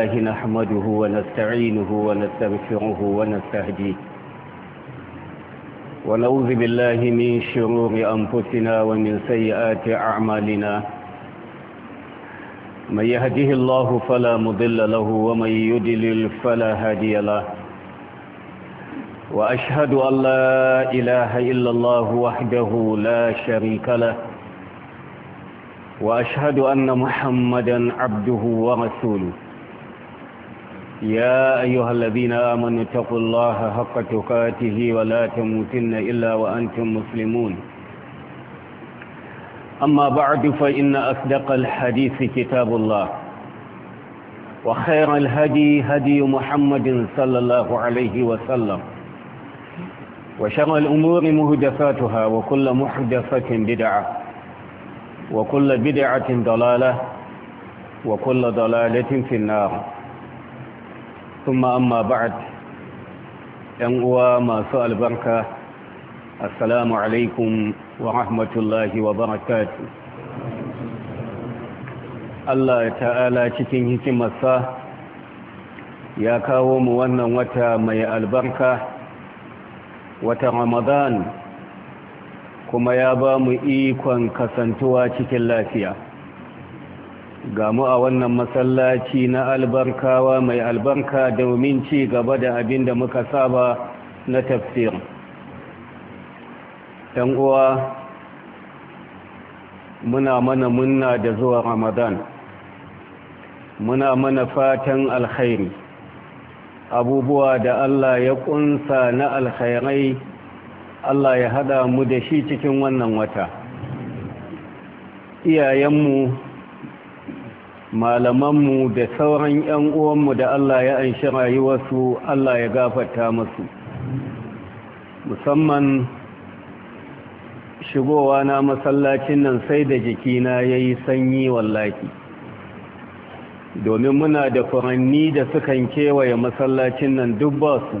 الله نحمده ونستعينه ونستغفره ونستهديه ونعوذ بالله من شرور أنفسنا ومن سيئات أعمالنا من يهده الله فلا مضل له ومن يدلل فلا هادي له وأشهد أن لا إله إلا الله وحده لا شريك له وأشهد أن محمدا عبده ورسوله يا أيها الذين آمنوا اتقوا الله حق تقاته ولا تموتن إلا وأنتم مسلمون أما بعد فإن أصدق الحديث كتاب الله وخير الهدي هدي محمد صلى الله عليه وسلم وشر الأمور مهدفاتها وكل محدثة بدعة وكل بدعة ضلالة وكل ضلالة في النار ثم 'yan uwa masu albarka سؤال بركة السلام wa ورحمة wa وبركاته allah ta'ala cikin hikimarsa ya kawo mu wannan wata mai albarka wata Ramadan kuma ya ba mu ikon kasantuwa cikin lafiya gamu a wannan masallaci na albarkawa mai albarka domin ci gaba da abin da muka saba na tafsir ɗan uwa muna mana munna da zuwa ramadan muna mana fatan alkhairi abubuwa da allah ya ƙunsa na alkhairai allah ya hada mu da shi cikin wannan wata iyayenmu malamanmu da sauran 'yan uwanmu da Allah ya anshi rayuwarsu Allah ya gafata masu musamman shigowa na masallacin nan sai da jikina ya yi sanyi wallaki domin muna da furanni da sukan kewaye masallacin nan duk su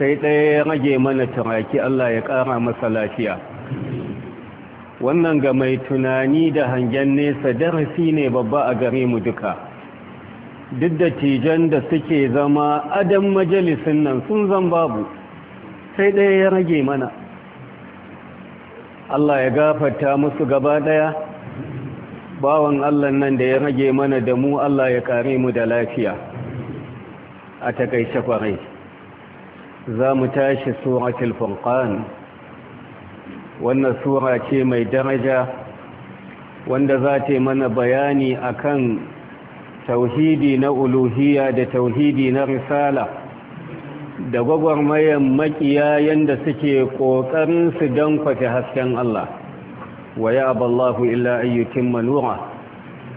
sai ɗaya ya rage mana turaki Allah ya ƙara masa lafiya wannan ga mai tunani da hangen nesa darasi ne babba a gare mu duka duk da tijan da suke zama adam majalisun nan sun zan babu sai ɗaya ya rage mana Allah ya gafata musu gaba ɗaya bawan Allah nan da ya rage mana da mu Allah ya kare mu da lafiya a takaice kwarai za mu tashi suratul furqan wannan sura ce mai daraja wanda za ta mana bayani akan tauhidi na uluhiyya da tauhidi na risala da gwagwarmayan makiya yanda suke ƙoƙarin su don kwace hasken Allah wa ya aballahu illa ayyukin manura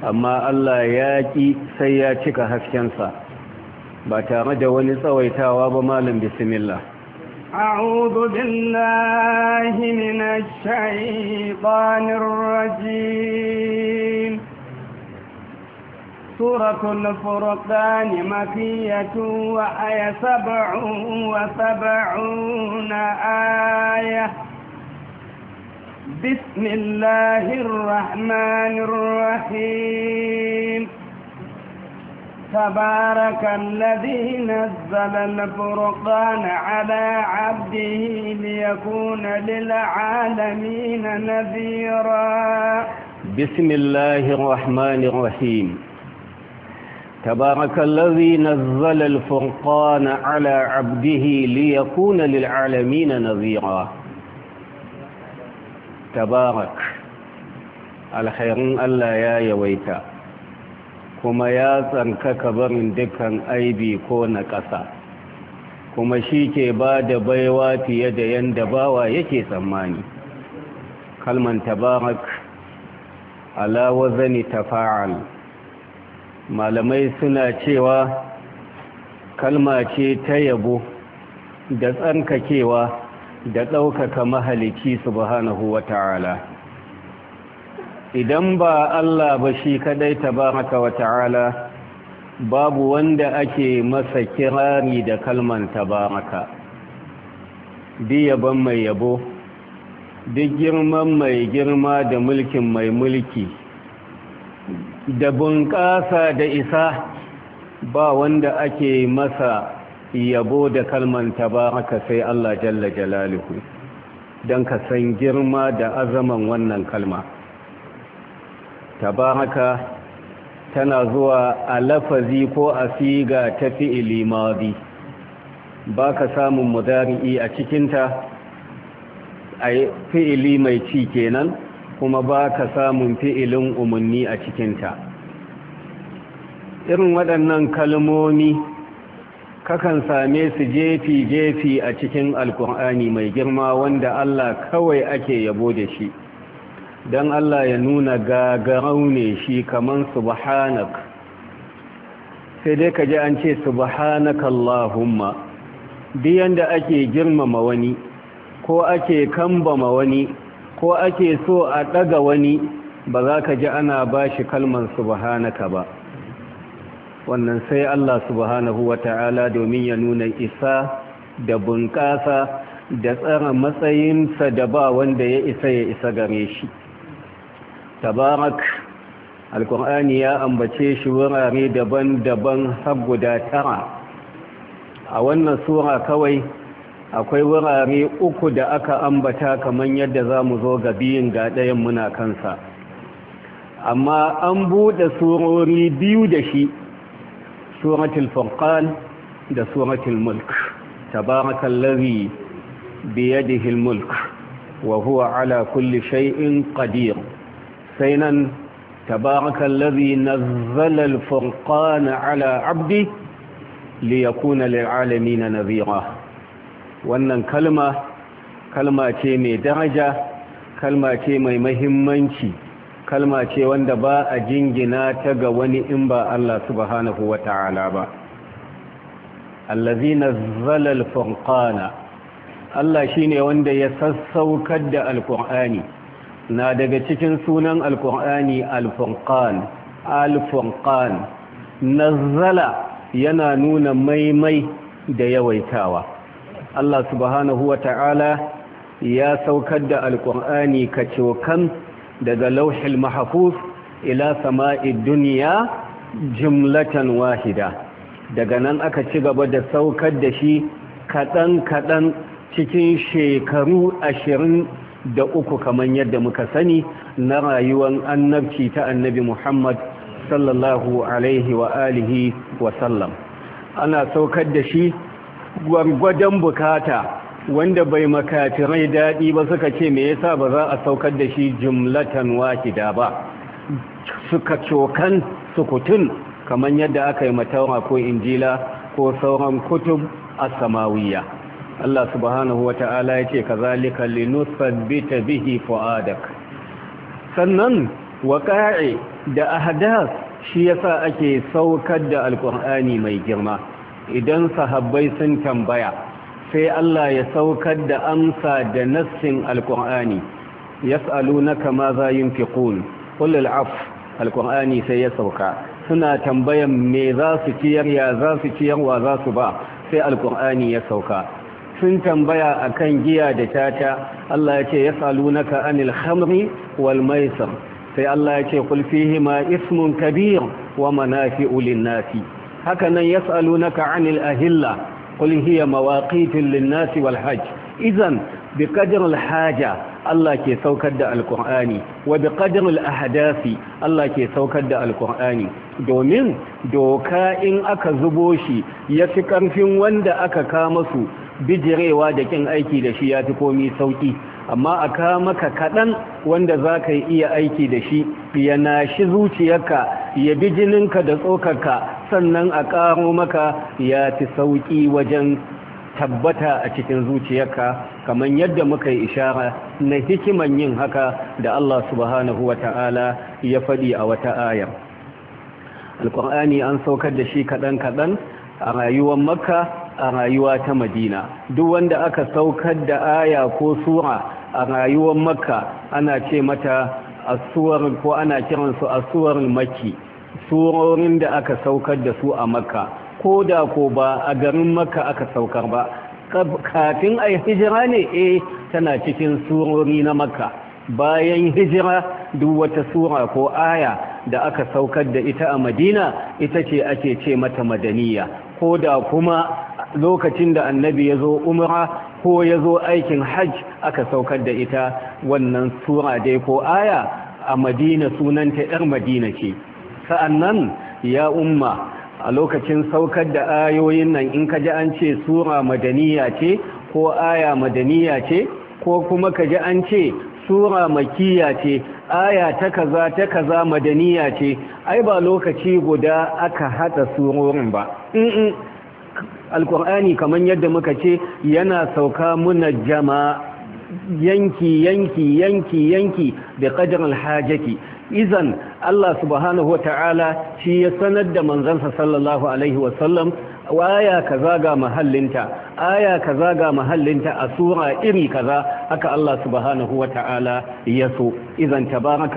amma Allah ya ƙi sai ya cika haskensa ba tare da wani tsawaitawa ba malam bismillah أعوذ بالله من الشيطان الرجيم سورة الفرقان مكية وآية سبع وسبعون آية بسم الله الرحمن الرحيم تبارك الذي نزل الفرقان على عبده ليكون للعالمين نذيرا بسم الله الرحمن الرحيم تبارك الذي نزل الفرقان على عبده ليكون للعالمين نذيرا تبارك الخير الله يا يويتا kuma ya tsankaka barin dukkan aibi ko na ƙasa kuma shi ke ba da baiwa fiye da yadda bawa yake tsammani kalman tabarak zani ta tafa'al malamai suna cewa kalma ce ta yabo da tsankakewa da ɗaukaka mahalici subhanahu wa ta'ala idan ba Allah ba shi kadai tabaraka wa ta'ala babu wanda ake masa kirari da kalman tabaraka diyaban mai yabo duk girman mai girma da mulkin mai mulki da bunƙasa da isa ba wanda ake masa yabo da kalman tabaraka sai Allah jalla jalaluhu don ka san girma da azaman wannan kalma tabaraka tana zuwa a lafazi ko a siga ta fi'ili madi ba ka samun mudari'i a cikinta a fi'ili mai ci kenan kuma ba ka samun fi'ilin umarni a cikinta irin waɗannan kalmomi kakan same su jefi-jefi a cikin alkur'ani mai girma wanda Allah kawai ake yabo da shi don Allah ya nuna gagarau ne shi kaman subhanak sai dai ka ji an ce subhanak Allahumma duk yanda ake girmama wani ko ake kambama wani ko ake so a ɗaga wani ba za ka ji ana ba shi kalman subhanaka ba wannan sai Allah subhanahu wa ta'ala domin ya nuna isa da bunƙasa da tsara matsayinsa da ba wanda ya isa ya isa gare shi tabarak alkur'ani ya ambace shi wurare daban-daban har guda tara a wannan sura kawai akwai wurare uku da aka ambata kamar yadda za mu zo ga biyun ga ɗayan muna kansa amma an buɗe surori biyu da shi suratul furqan da suratul mulk lari biyadihi almulk wa huwa ala kulli shay'in qadir سينا تبارك الذي نزل الفرقان على liyakuna ليكون na nazira. wannan kalma kalma ce mai daraja kalma ce mai mahimmanci kalma ce wanda ba a jingina ta ga wani in ba Allah subhanahu wa ta'ala ba allazi nazzala zalal furqana Allah shine wanda ya sassaukar da alkur'ani na daga cikin sunan alkur'ani alfurqan alfurqan nazala yana nuna maimai da yawaitawa Allah subhanahu wa ta'ala ya saukar da alkur'ani kacokan daga lauhil mahfuz ila sama'i duniya jumlatan wahida daga nan aka ci gaba da saukar da shi kaɗan-kaɗan cikin shekaru ashirin da uku kamar yadda muka sani na rayuwar annabci ta annabi Muhammad sallallahu alaihi wa alihi wa sallam ana saukar da shi gwargwadon bukata wanda bai makatirai daɗi ba suka ce me yasa ba za a saukar da shi jumlatan wahida ba suka cokan sukutun kamar yadda aka yi matawa ko injila ko sauran kutub a samawiyya Allah subhanahu wa ta'ala ya ce ka zalika linusabbita bihi fu'adak sannan waƙa'i da ahadas shi yasa ake saukar da alƙur'ani mai girma idan sahabbai sun tambaya sai Allah ya saukar da amsa da nassin alƙur'ani yas'alunaka ma za fiƙun ƙulil al'af alƙur'ani sai ya sauka suna tambayan me za su ciyar ya za su ciyar wa za su ba sai alƙur'ani ya sauka sun tambaya akan giya da tata Allah ya ce yasalunaka anil khamri wal sai Allah ya ce kul ma ismun kabir wa manafi'u lin hakanan haka nan yasalunaka anil ahilla qul hiya mawaqitun lin wal hajj izan biqadri al-haja Allah ke saukar da alkur'ani wa biqadri al-ahdasi Allah ke saukar da alkur'ani domin doka in aka zubo shi ya fi karfin wanda aka kama su bijirewa da kin aiki da shi ya fi komi sauki amma a ka maka kaɗan wanda za ka iya aiki da shi ya nashi zuciyarka ya bi jininka da tsokarka sannan a ƙaro maka ya fi sauƙi wajen tabbata a cikin zuciyarka kamar yadda muka yi ishara na hikiman yin haka da Allah subhanahu wa ta'ala ya faɗi a wata ayar alƙur'ani an saukar da shi kaɗan-kaɗan a rayuwar makka a rayuwa ta madina duk wanda aka saukar da aya ko sura a rayuwar makka ana ce mata asuwar ko ana kiransu asuwar makki surorin da aka saukar da su a makka ko da ko ba a garin makka aka saukar ba kafin a hijira ne eh tana cikin surori na makka bayan hijira duk wata sura ko aya da aka saukar da ita a madina ita ce ake ce mata madaniya ko da kuma lokacin da annabi ya zo umra ko ya zo aikin hajj aka saukar da ita wannan sura dai ko aya a madina sunanta yar madina ce sa'annan ya umma a lokacin saukar da ayoyin nan in ka ji an ce sura madaniya ce ko aya madaniya ce ko kuma ka ji an ce sura makiya ce aya ta kaza ta kaza madaniya ce ai ba lokaci guda aka hada surorin ba alkur'ani kamar yadda muka ce yana sauka muna jama'a yanki yanki yanki yanki da qadar alhajati izan Allah subhanahu ta'ala shi ya sanar da manzansa sallallahu alaihi wasallam aya kaza ga mahallinta aya kaza ga mahallinta a sura iri kaza haka Allah subhanahu ta'ala ya so izan na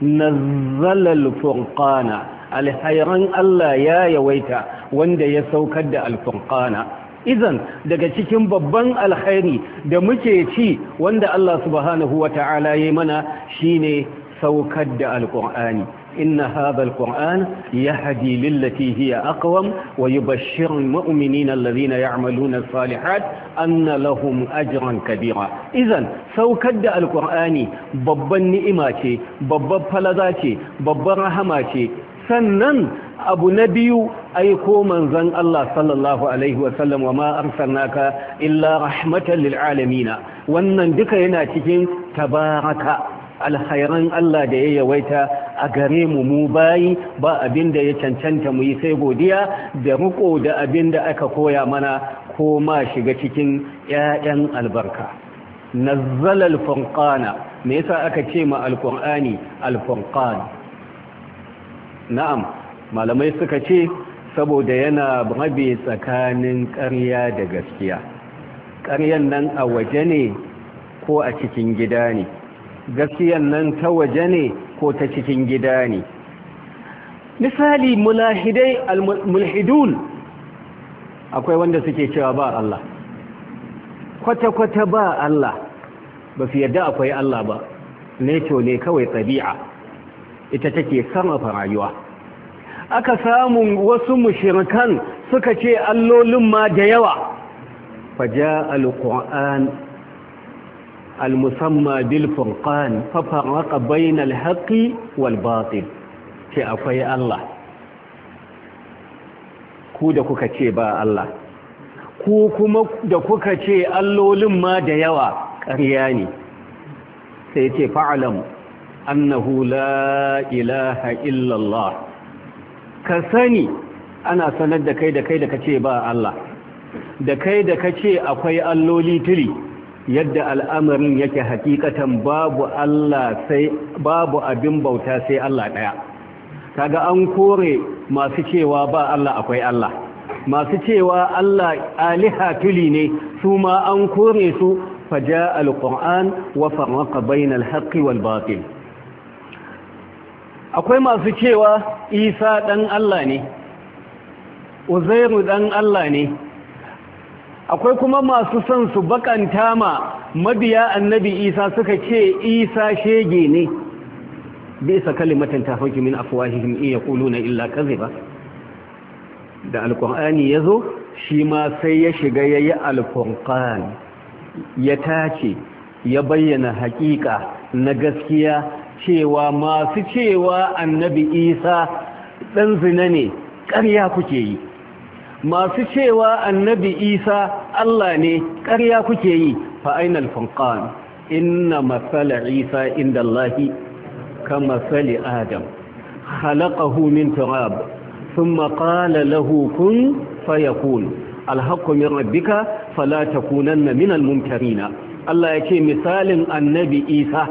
nazzala furkana alhairan Allah ya yawaita wanda ya saukar da alkurkana izan daga cikin babban alhairi da muke ci wanda Allah subhanahu wa ta'ala ya mana shine saukar da alkur'ani inna hadha alquran yahdi lillati hiya aqwam wa yubashshiru almu'minina alladhina ya'maluna as-salihat anna lahum ajran kabira idan saukar da alkur'ani babban ni'ima ce babban falaza ce babban rahama ce sannan abu na biyu aiko manzan Allah sallallahu alaihi wasallam wa ma’ar sannaka illa rahmatan lil wannan duka yana cikin tabaraka alhairan Allah da ya yawaita a gare mu mu bayi ba abin da ya cancanta mu yi sai godiya da riko da abin da aka koya mana ko ma shiga cikin yayan albarka nazzala al me yasa aka ce ma al-qur'ani na'am malamai suka ce saboda yana rabe tsakanin ƙarya da gaskiya ƙaryan nan a waje ne ko a cikin gida ne gaskiyan nan ta waje ne ko ta cikin gida ne misali mulahidai almulhidun akwai wanda suke cewa ba Allah kwata-kwata ba Allah ba su yadda akwai Allah ba neto ne kawai tabi'a ita take sarrafa rayuwa aka samu wasu mushrikan suka ce allolin ma da yawa faja alquran almusamma bil fa farqa bainal haqqi wal ce akwai Allah ku da kuka ce ba Allah ku kuma da kuka ce allolin ma da yawa ƙarya ne sai ce fa'alamu annahu la ilaha illallah ka sani ana sanar da kai da kai da kace ba Allah da kai da kace akwai alloli tiri yadda al'amarin yake hakikatan babu abin bauta sai Allah daya kaga an kore masu cewa ba Allah akwai Allah masu cewa Allah aliha tuli ne su ma an kore su faja alquran wa farraqa bainal haqqi wal batil akwai masu cewa isa ɗan Allah ne uzairu ɗan Allah ne akwai kuma masu son su baƙanta ma mabiya annabi isa suka ce isa shege ne bisa kalimatan hauki min ya iya na illa ba. da alkur'ani ya zo shi ma sai ya shiga ya yi alkur'ani ya tace ya bayyana hakika na gaskiya cewa masu cewa annabi isa ɗan zina ne ƙarya kuke yi masu cewa annabi isa allah ne ƙarya kuke yi ainihin funkan inna matsala isa inda allahi ka matsali adam halakahu min turab sun maƙala lahukun fayakun alhakumin rabbika fala na minal na. Allah ya ce misalin annabi isa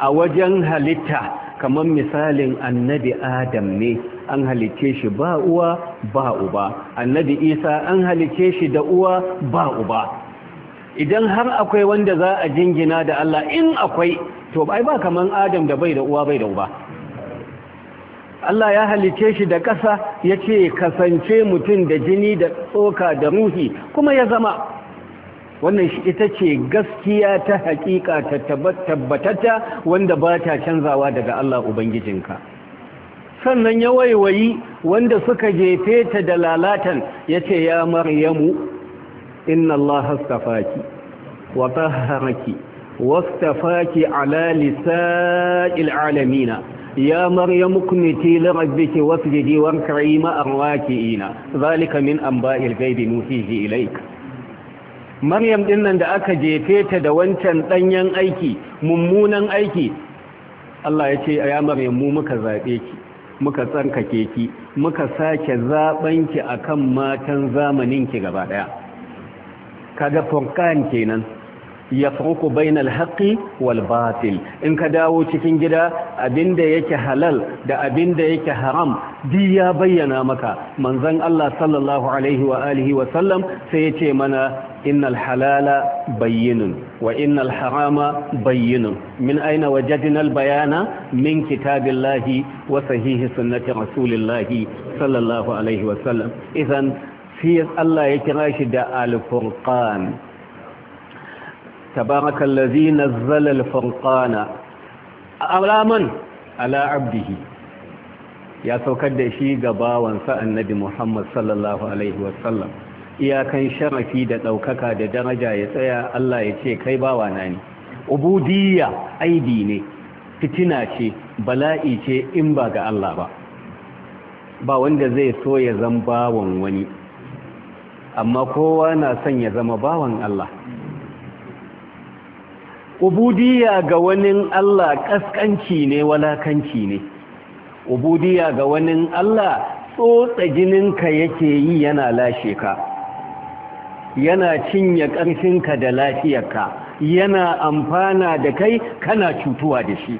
a wajen halitta kamar misalin annabi adam ne an halice shi ba uwa ba uba annabi isa an halice shi da uwa ba uba idan har akwai wanda za a jingina da Allah in akwai to bai ba kaman adam da bai da uwa bai da uba Allah ya halicce shi da ƙasa ya ce kasance mutum da jini da tsoka da ruhi kuma ya zama wannan ita ce gaskiya ta hakika ta tabbatata wanda ba ta canzawa daga Allah Ubangijinka sannan ya waiwayi wanda suka jefe ta da lalatan ya ce ya maryamu inna Allah astafaki wa tahharaki wastafaki ala lisa'il alamina يا مريم اقنتي لربك واسجدي واركعي مع الراكعين ذلك من انباء الغيب نوحيه اليك maryam din nan da aka jefe ta da wancan danyen aiki mummunan aiki Allah ya ce ya maryam mu muka zabe ki muka ke ki muka sake zaben ki akan matan zamanin ki gaba daya kaga funkan kenan yafruku bainal haqqi wal batil in ka dawo cikin gida abinda yake halal da abinda yake haram duk ya bayyana maka manzon Allah sallallahu alaihi wa alihi wa sallam sai yace mana innal halala bayyinun wa innal harama bayyinun min aina wajadinal bayana min kitabillahi wa sahihi sunnati rasulillahi sallallahu alaihi wa sallam idan sai Allah ya kira shi da al-furqan تبارك الذي نزل الفرقان على من على عبده ya saukar da shi ga bawansa annabi Muhammad sallallahu alaihi wasallam iyakan sharafi da daukaka da daraja ya tsaya Allah ya ce kai bawana ne ubudiyya aidi ne fitina ce bala'i ce in ba ga Allah ba ba wanda zai so ya zama bawan wani amma kowa na son ya zama bawan Allah Ubudiya ga wani Allah ƙasƙanci ne walakanci ne ubudiya ga wani Allah tsotsa ka yake yi yana lashe ka yana cinye ka da lafiyar ka yana amfana da kai kana cutuwa da shi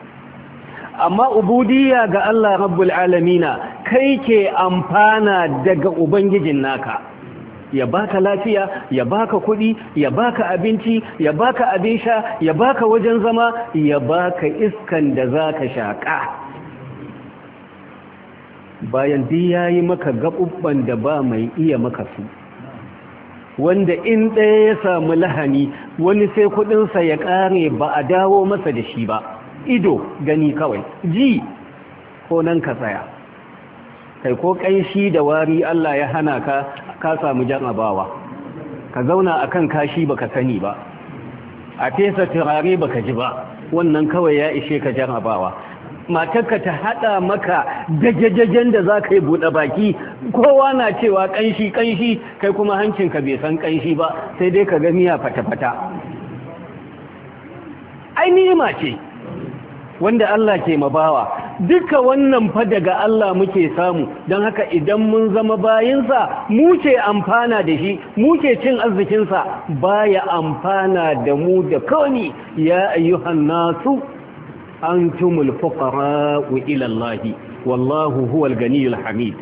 amma ubudiya ga Allah rabbul alamina kai ke amfana daga ubangijin naka ya baka lafiya ya baka kuɗi ya baka abinci ya baka abin sha ya baka wajen zama ya baka iskan da zaka shaka bayan din yayi maka gabubban da ba mai iya maka su wanda in ɗaya ya samu lahani wani sai kuɗinsa ya ƙare ba a dawo masa da shi ba ido gani kawai ji ko nan ka tsaya kai ko ƙanshi da wari Allah ya hana ka ka samu jarabawa ka zauna akan kashi baka sani ba a fesa turare baka ji ba wannan kawai ya ishe ka jarabawa. matarka ta hada maka dajajajen da za ka yi buɗe baki kowa na cewa ƙanshi ƙanshi kai kuma hancinka bai san ƙanshi ba sai dai ka ga miya fata-fata ai ni'ima ce wanda Allah ke mabawa duka wannan fa daga Allah muke samu don haka idan mun zama bayinsa mu ce amfana da shi mu ce cin arzikinsa baya amfana da mu da kawani ya ayyuhan nasu antumul fukara wa ilallahi wallahu huwal gani hamid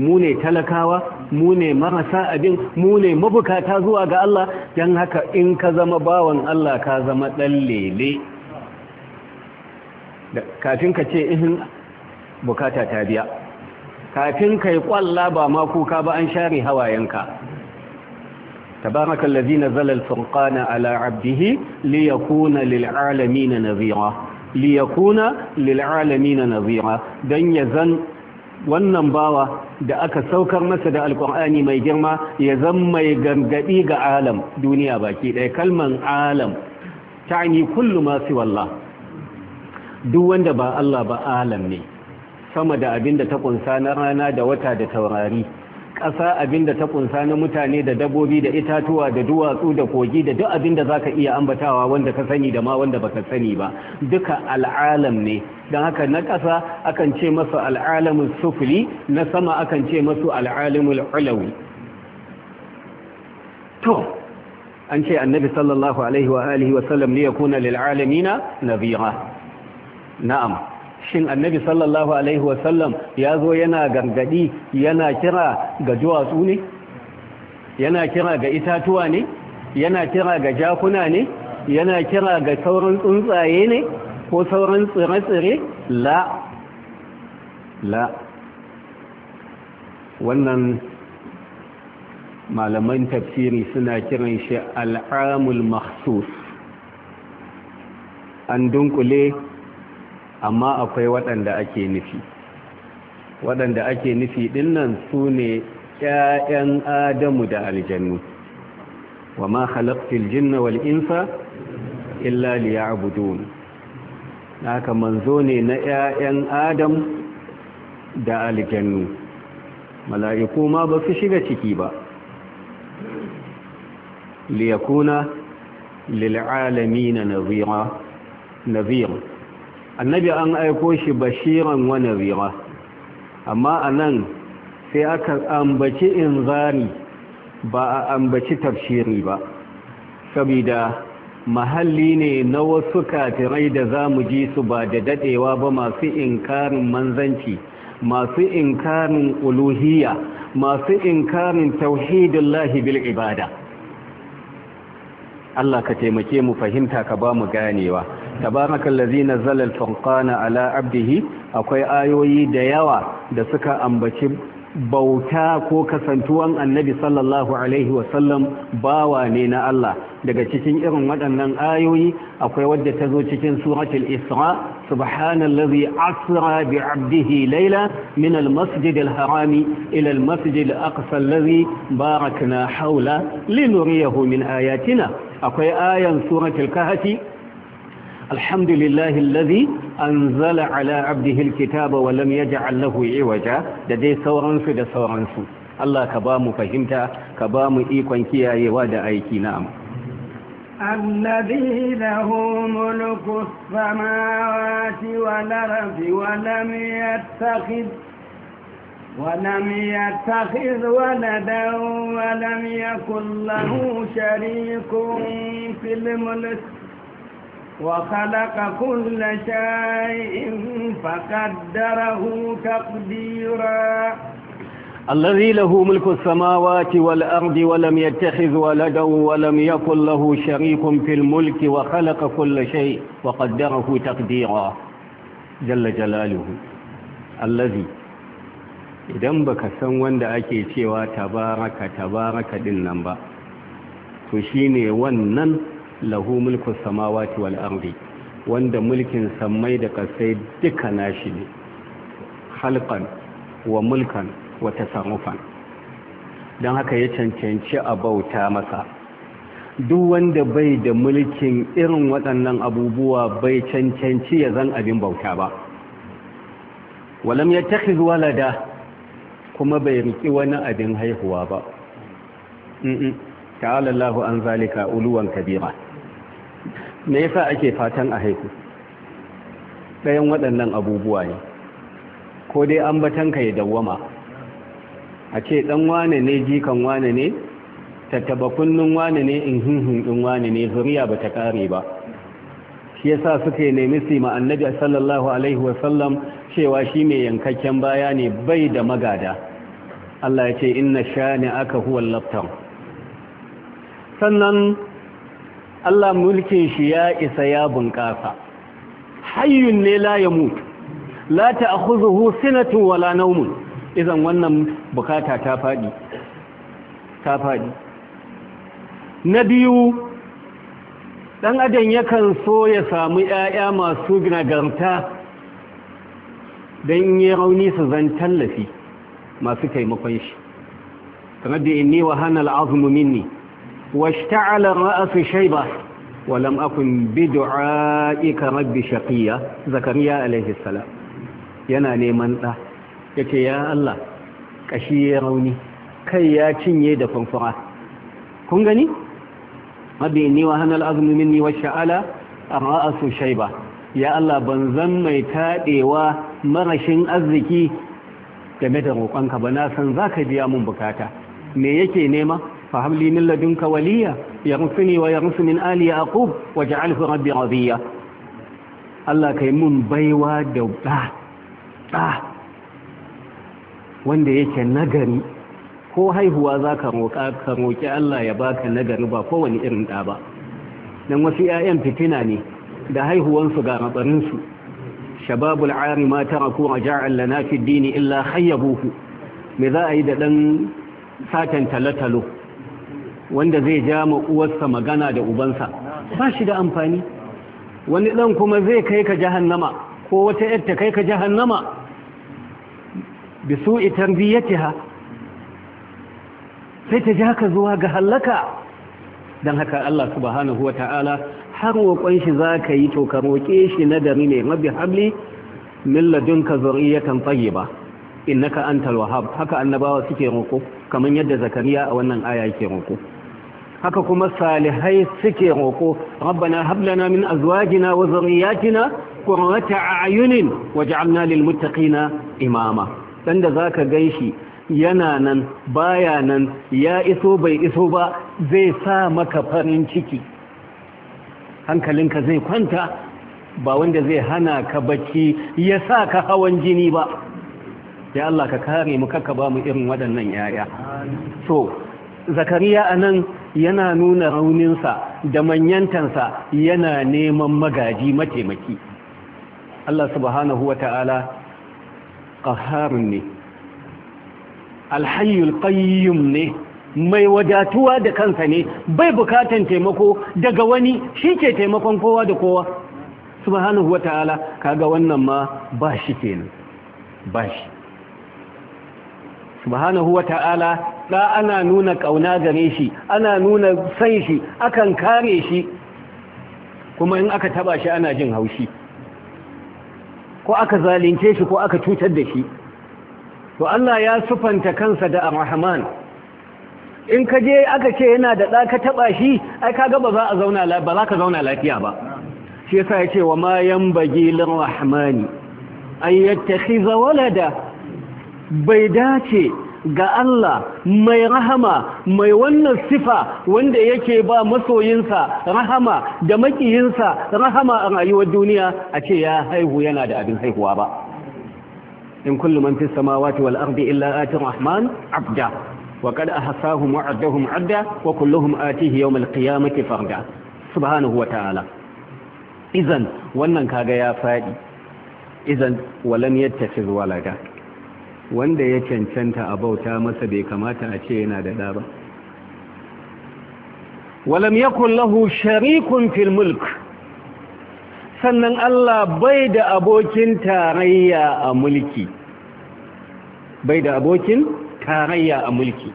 mu ne talakawa mu ne marasa abin mu ne mabukata zuwa ga Allah don haka in ka zama bawan Allah ka zama ɗan lele kafin ka ce ihin bukata ta biya kafin ka yi kwalla ba ma kuka ba an share hawayenka tabarakan lazi na zalal furkana ala abdihi liyakuna na nazira liyakuna na nazira don ya zan wannan bawa da aka saukar masa da alkur'ani mai girma ya zan mai gargadi ga alam duniya baki ɗaya kalman alam ta'ani kullu ma siwallah duk wanda ba Allah ba alam ne sama da abinda ta kunsa na rana da wata da taurari ƙasa abinda ta kunsa na mutane da dabobi da itatuwa da duwatsu da kogi da duk abinda ka iya ambatawa wanda ka sani da ma wanda baka sani ba duka al'alam ne don haka na ƙasa akan ce masu al'alamin sufuri, na sama akan ce masu al'alamin ulawi to an ce annabi sallallahu alaihi wa alihi wa sallam ne ya kuna lil'alamina nabira na'am shin annabi sallallahu alaihi wasallam ya zo yana gargadi yana kira ga duwatsu ne yana kira ga itatuwa ne yana kira ga jakuna ne yana kira ga sauran tsuntsaye ne ko sauran tsire-tsire la la wannan malaman tafsiri suna kiran shi al'amul mahsus an dunkule amma akwai waɗanda ake nufi waɗanda ake nufi dinnan su ne ‘ya'yan adamu da aljannu wa ma halaktil jinna wal insa illa liya'budun haka manzo ne na ‘ya'yan adam da aljannu mala'iku ma ba su shiga ciki ba liyakuna na nazira annabi an aiko shi bashiran wani rira amma a nan sai aka ambaci inzari ba a ambaci tafsiri ba saboda mahalli ne na wasu kafirai da za mu ji su ba da dadewa ba masu inkarin manzanci masu inkarin uluhiyya masu inkarin tauhidin lahi bil ibada Allah ka taimake mu fahimta ka ba mu ganewa tabarakallazi nazzala al-furqana ala abdihi akwai ayoyi da yawa da suka ambaci bauta ko kasantuwan annabi sallallahu alaihi wasallam bawa ne na Allah daga cikin irin waɗannan ayoyi akwai wadda ta zo cikin suratul isra subhanallazi asra bi abdihi layla min al alharami ila almasjid alaqsa allazi barakna hawla linuriyahu min ayatina akwai ayan suratul kahfi الحمد لله الذي أنزل على عبده الكتاب ولم يجعل له عوجا لدي سورا في سورا Allah ka ba mu fahimta ka ba mu ikon kiyayewa da aiki na'am الذي له ملك السماوات والأرض ولم يتخذ ولم يتخذ ولدا ولم يكن له شريك في الملك وخلق كل شيء فقدره تقديرا الذي له ملك السماوات والأرض ولم يتخذ ولدا ولم يكن له شريك في الملك وخلق كل شيء وقدره تقديرا جل جلاله الذي idan baka san wanda ake cewa tabaraka tabaraka din nan ba to shine wannan lahu mulku samawati wal ardi wanda mulkin samai da kasai duka nashi ne halqan wa mulkan wa tasarrufan dan haka ya cancanci a bauta masa duk wanda bai da mulkin irin waɗannan abubuwa bai cancanci ya zan abin bauta ba walam ya walada kuma bai riki wani abin haihuwa ba Allahu an zalika uluwan kabira me yasa ake fatan a haiku ɗayan waɗannan abubuwa ne ko dai an batanka ya dawwama a ce ɗan wane ne jikan wane ne tattaba wane ne in hinhin ɗin wane ne zuriya ba ta ƙare ba shi yasa suke nemi su ma'annabi annabi sallallahu alaihi wasallam cewa shi mai yankakken baya ne bai da magada Allah ya ce sha ni aka huwan laftan sannan Allah mulkin shi ya isa ya bunƙasa hayyun ne la ya mutu la ta'khuzuhu sinatun wala nawmun idan wannan bukata ta fadi ta fadi na biyu dan adam yakan so ya samu yaya masu nagarta dan yi rauni su zan tallafi masu taimakon shi kamar da ne wa hana al'azmu minni واشتعل الرأس شيبة ولم أكن بدعائك رب شقية زكريا عليه السلام ينا نيمان له يتي يا الله كشي روني كي ياتين يد فنفرة كنغني ربي إني وهنا الأظم مني واشتعل الرأس شيبة يا الله بنزم ميتادي ومرشن أزكي game da roƙonka ba na san za ka biya mun bukata me yake nema فهب لي من لدنك وليا يغفني ويغف من آل يعقوب واجعله ربي رضيا Allah kai mun baiwa da ɗa wanda yake nagari ko haihuwa za ka roƙa ka roƙi Allah ya baka nagari ba kowane irin ɗa ba don wasu 'ya'yan fitina ne da haihuwansu ga matsarinsu shababul ari ma tara ko raja'an lana fi dini illa hayyabuhu me za a yi da ɗan satan talotalo wanda zai ja ma uwarsa magana da ubansa ba shi da amfani wani ɗan kuma zai kai ka jahannama ko wata yadda kai ka jahannama bisu itar ha sai ta ja ka zuwa ga hallaka don haka Allah subhanahu wa ta'ala har roƙon shi za ka yi to ka roƙe shi na dare ne mabi habli milladunka zuriyatan tayyiba innaka antal wahhab haka annabawa suke roƙo kamar yadda zakariya a wannan aya yake roƙo haka kuma salihai suke roƙo rabbana hablana min azwajina wa zurriyatina qurrata a'yunin waj'alna lil muttaqina imama dan da zaka ganshi yana nan baya nan ya iso bai iso ba zai sa maka farin ciki hankalinka zai kwanta ba wanda zai hana ka bacci ya sa ka hawan jini ba ya Allah ka kare mu kaka ba mu irin waɗannan yaya so zakariya anan yana nuna rauninsa da manyantansa yana neman magaji mataimaki Allah subhanahu wa ta'ala ƙaharun ne alhayyul ƙayyum ne mai wadatuwa da kansa ne bai bukatan taimako daga wani shi ke taimakon kowa da kowa subhanahu wa ta'ala kaga wannan ma ba shi kenan ba shi subhanahu wa ta'ala da ana nuna ƙauna gare shi ana nuna san shi akan kare shi kuma in aka taba shi ana jin haushi ko aka zalince shi ko aka cutar da shi to Allah ya sufanta kansa da Ar-Rahman in ka je aka ce yana da da ka taba shi ai kaga ba za a zauna ba za ka zauna lafiya ba shi yasa yace wa ma yanbaghi lir-rahmani an yattakhiza walada bai dace ga Allah mai rahama mai wannan sifa wanda yake ba masoyinsa rahama da makiyinsa rahama a rayuwar duniya a ce ya haihu yana da abin haihuwa ba in kullu man fis samawati wal ardi illa ati rahman abda wa qad ahsahum wa addahum adda wa kulluhum atihi yawm al qiyamati farda subhanahu wa ta'ala idan wannan kaga ya fadi idan walam yattakhidh walada wanda ya cancanta a bauta masa bai kamata a ce yana da ɗaba ba walam ya lahu sharikun fil mulk sannan Allah bai da abokin tarayya a mulki bai da abokin tarayya a mulki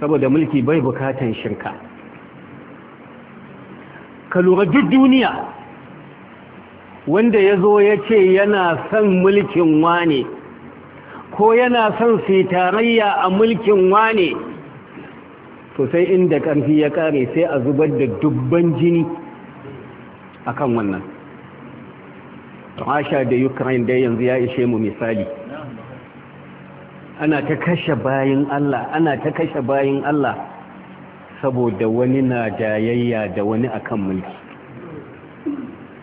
saboda mulki bai bukatan shirka ka lura duk duniya wanda ya zo ya ce yana son mulkin wane ko yana son su tarayya a mulkin wane to sai inda ƙarfi ya ƙare sai a zubar da dubban jini a kan wannan rasha da ukraine dai yanzu ya ishe mu misali ana ta kashe bayan allah ana ta kashe bayan allah saboda wani na jayayya da wani akan mulki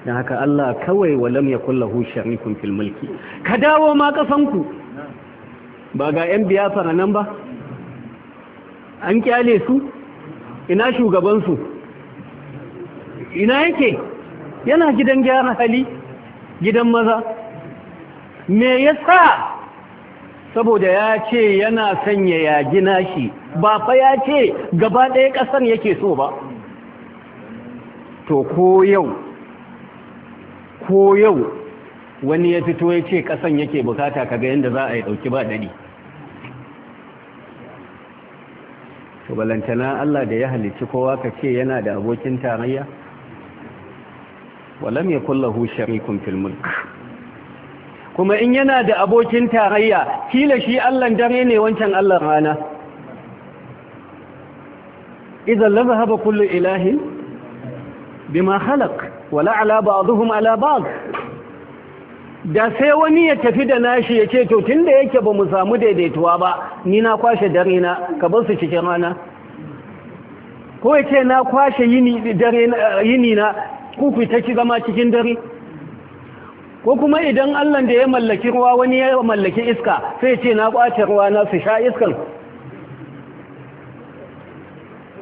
don haka allah kawai walam ya kullahu sharifin fil mulki ka dawo ma kasanku ba ga 'yan biyafara nan ba an kyale su ina shugabansu ina yake yana gidan gyara hali gidan maza me ya sa saboda ya ce yana sanya ya gina shi ba fa ya ce gaba ɗaya ƙasar yake so ba to ko yau ko yau wani ya fito ya ce kasan yake bukata kaga yadda za a yi dauki ba dadi to balantana Allah da ya halicci kowa ka ce yana da abokin tarayya walam ya lahu sharikun fil mulk kuma in yana da abokin tarayya kila shi Allah dare ne wancan Allah rana idan la zahaba kullu ilahin bima khalaq wala ala ba'dhum ala ba'd da sai wani ya tafi da nashi ya ce to tun da yake ba mu samu daidaituwa ba ni na kwashe dare na ka bar su cikin rana ko ya ce na kwashe yini na ku ta ci zama cikin dare ko kuma idan allon da ya mallaki ruwa wani ya mallaki iska sai ce na kwace ruwa na su sha iskan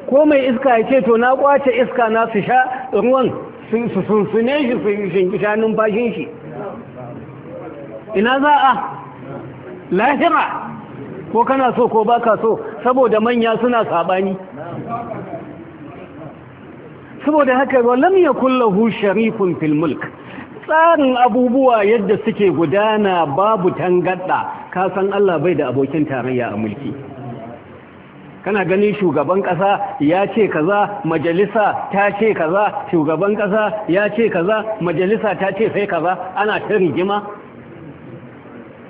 ko mai iska ya ce to na kwace iska na su sha ruwan su sunsune shi su shanun bashin shi ina za a lahira ko kana so ko baka so saboda manya suna saɓani saboda haka lam kulla hu sharifun fil tsarin abubuwa yadda suke gudana babu tangadda ka san Allah bai da abokin tarayya a mulki kana ganin shugaban kasa ya ce kaza majalisa ta ce kaza shugaban kasa ya ce kaza majalisa ta ce sai kaza ana ta rigima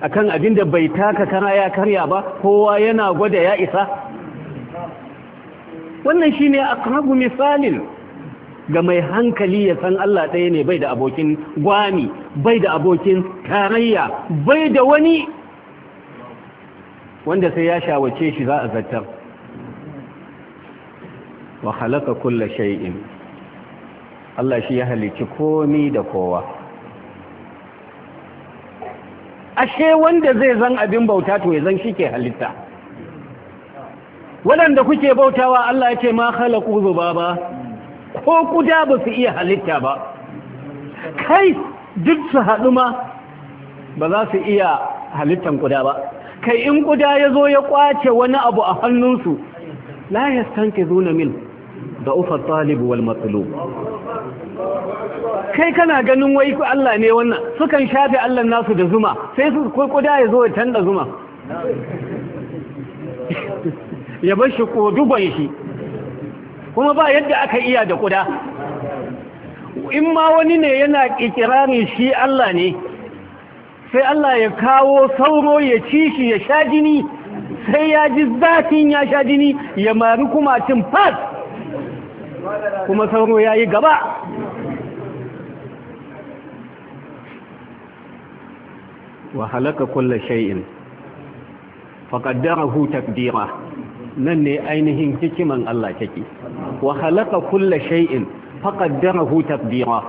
akan abin da bai taka kana ya karya ba kowa yana gwada ya isa wannan shine aqrabu misalin ga mai hankali ya san Allah ɗaya ne bai da abokin gwami bai da abokin tarayya bai da wani wanda sai ya shawace shi za a zartar wa halaka kulla shay'in Allah shi ya halicci komi da kowa ashe wanda zai zan abin bauta to ya zan shi ke halitta waɗanda kuke bautawa Allah ya ce ma halaku zuba ba ko kuda ba su iya halitta ba kai duk su haɗu ma ba za su iya halittan kuda ba kai in kuda ya zo ya kwace wani abu a hannunsu la yastanke zuna mil da ufar talibu wal matsalo kai kana ganin wai ku Allah ne wannan sukan shafe Allah nasu da zuma sai su kai kuda ya zo ya tanda zuma ya bar shi koduban shi kuma ba yadda aka iya da kuda in ma wani ne yana iƙirarin shi Allah ne sai Allah ya kawo sauro ya ci shi ya sha jini sai ya ji zafin ya sha jini ya mari kuma cin fas kuma sauro ya yi gaba wa halaka kulle shay'in faqaddarahu takdira nan ne ainihin hikiman Allah take wa halaka kulle shay'in hutar dira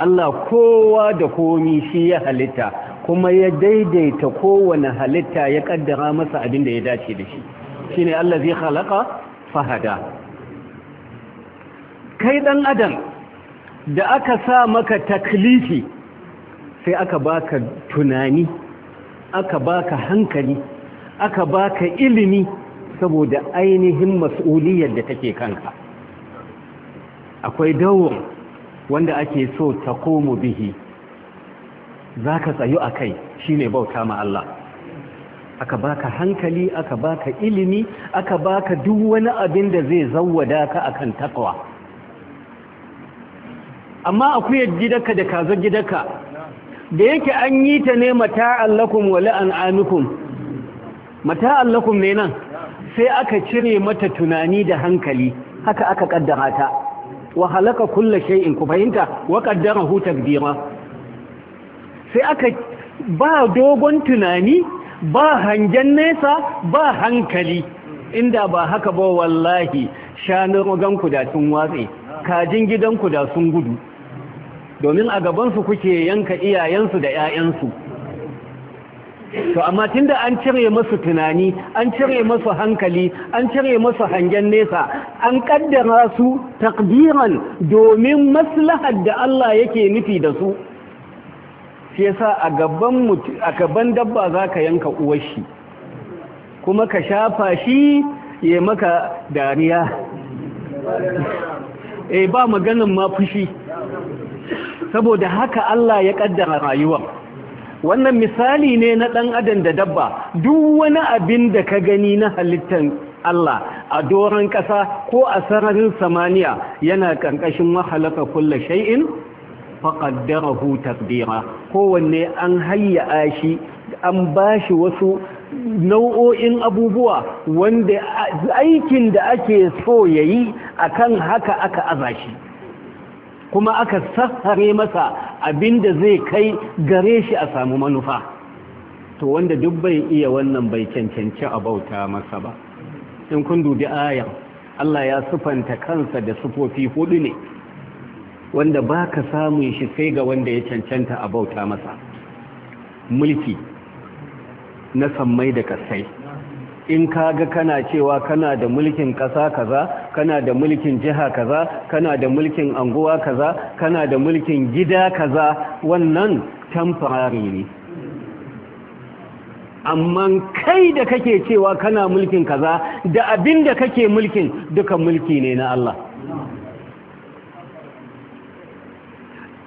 Allah kowa da komi shi ya halitta kuma ya daidaita kowane halitta ya ƙaddara masa abin da ya dace da shi shine Allah zai halaka fahada kai dan adam da aka sa maka taklifi sai aka baka tunani aka baka hankali aka baka ilimi saboda ainihin mas'uliyar da take kanka akwai dawo wanda ake so ta komo bihi za ka tsayu a kai shi ne bauta ma Allah aka baka hankali aka baka ilimi aka baka duk wani abin da zai zawwada ka akan takwa amma akuyar gidanka da kazar gidanka da yake an yi ta ne mata'an lakum wa amikum mata'an lakum ne nan sai aka cire mata tunani da hankali haka aka kaddara ta wa halaka kulla shay'in ku fahimta wa hu takdira sai aka ba dogon tunani ba hangen nesa ba hankali inda ba haka ba wallahi shanu rogan ku da sun watse kajin gidan ku da sun gudu domin a gabansu kuke yanka iyayensu da 'ya'yansu to amma tun da an cire masu tunani an cire masu hankali an cire masu hangen nesa an ƙaddara su takdiran domin maslahar da Allah yake nufi da su shi yasa a gaban a gaban dabba zaka yanka uwar shi kuma ka shafa shi ya maka dariya eh ba maganin ma fushi saboda haka Allah ya ƙaddara rayuwar wannan misali ne na dan adam da dabba duk wani abin da ka gani na halittar Allah a doron ƙasa ko a sararin samaniya yana ƙarƙashin wahalaka kulla shay'in faqaddarahu taqdira kowanne an hayya shi an bashi wasu nau'o'in abubuwa wanda aikin da ake so yayi akan haka aka azashi kuma aka sassare masa abinda zai kai gare shi a samu manufa to wanda duk bai iya wannan bai cancanci a bauta masa ba in kun dubi ayan Allah ya sufanta kansa da sufofi hudu ne wanda ba ka samun shi sai ga wanda ya cancanta a bauta masa mulki na sammai da kasai in kaga kana cewa kana da mulkin ƙasa kaza kana da mulkin jiha kaza kana da mulkin anguwa kaza kana da mulkin gida kaza wannan temporary ne amma kai da kake cewa kana mulkin kaza da abin da kake mulkin duka mulki ne na Allah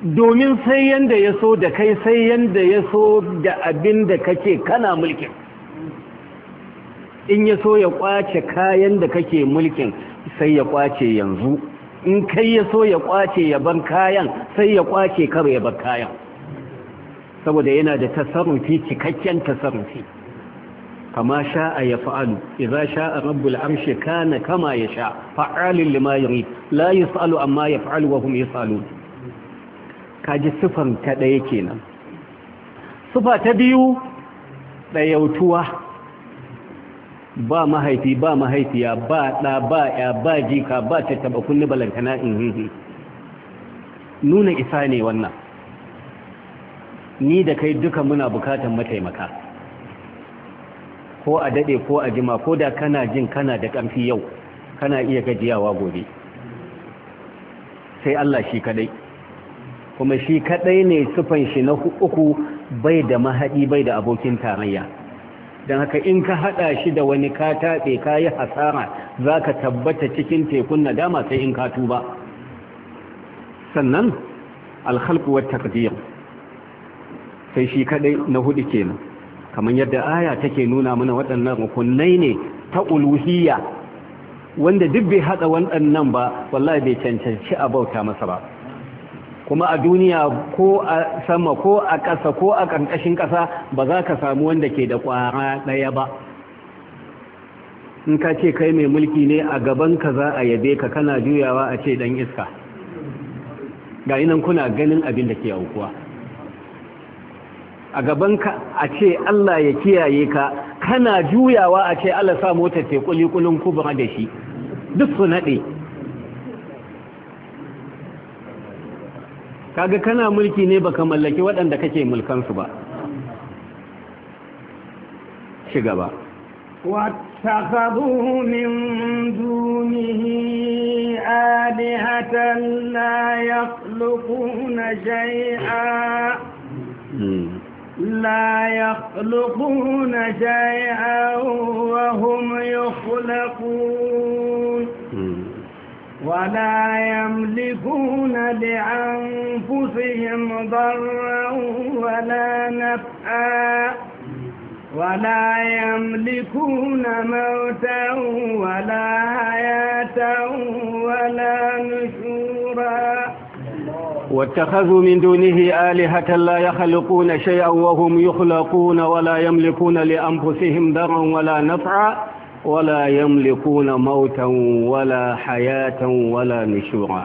domin sai yanda ya so da kai sai yanda ya so da abin da kake kana mulkin in ya so ya kwace kayan da kake mulkin sai ya kwace yanzu in kai ya so ya kwace ya ban kayan sai ya kwace kar ya bar kayan saboda yana da tasarrufi cikakken tasarrufi kama sha'a ya fa'alu idza sha'a rabbul amshi kana kama ya sha fa'alin lima yuri la yusalu amma yaf'alu wa hum ka kaji sifan ta daya kenan sifa ta biyu dayautuwa ba mahaifi ba mahaifiya ba ɗa ba ya ba jika ba tattaba kunni balantana in hihi nuna isa ne wannan ni da kai duka muna bukatan mataimaka ko a daɗe ko a jima ko da kana jin kana da ƙamfi yau kana iya gajiyawa gobe sai Allah shi kaɗai, kuma shi kaɗai ne sufan shi na uku bai da mahadi bai da abokin tarayya don haka in ka hada shi da wani ka taɓe ka yi hasara za ka tabbata cikin tekun nadama sai in ka tuba sannan alhalkuwar takdir sai shi kadai na hudu kenan kamar yadda aya take nuna mana waɗannan rukunai ne ta uluhiyya wanda duk bai haɗa waɗannan ba wallahi bai cancanci a bauta masa ba kuma a duniya ko a sama ko a ƙasa ko a ƙanƙashin ƙasa ba za ka samu wanda ke da ƙwara ɗaya ba in ka ce kai mai mulki ne a gaban ka za a yabe ka kana juyawa a ce ɗan iska ga nan kuna ganin abin da ke aukuwa a gaban ka a ce Allah ya kiyaye ka kana juyawa a ce Allah sa motar te kulikulin kubra da shi duk su naɗe kaga kana mulki ne baka mallaki waɗanda kake mulkansu ba ci gaba واتخذوا من دونه آلهة لا يخلقون شيئا لا يخلقون شيئا وهم يخلقون ولا يملكون لأنفسهم ضرا ولا نفعا ولا يملكون موتا ولا حياة ولا نشورا واتخذوا من دونه آلهة لا يخلقون شيئا وهم يخلقون ولا يملكون لأنفسهم ضرا ولا نفعا Wala يملكون موتا wala, hayatan wala, نشورا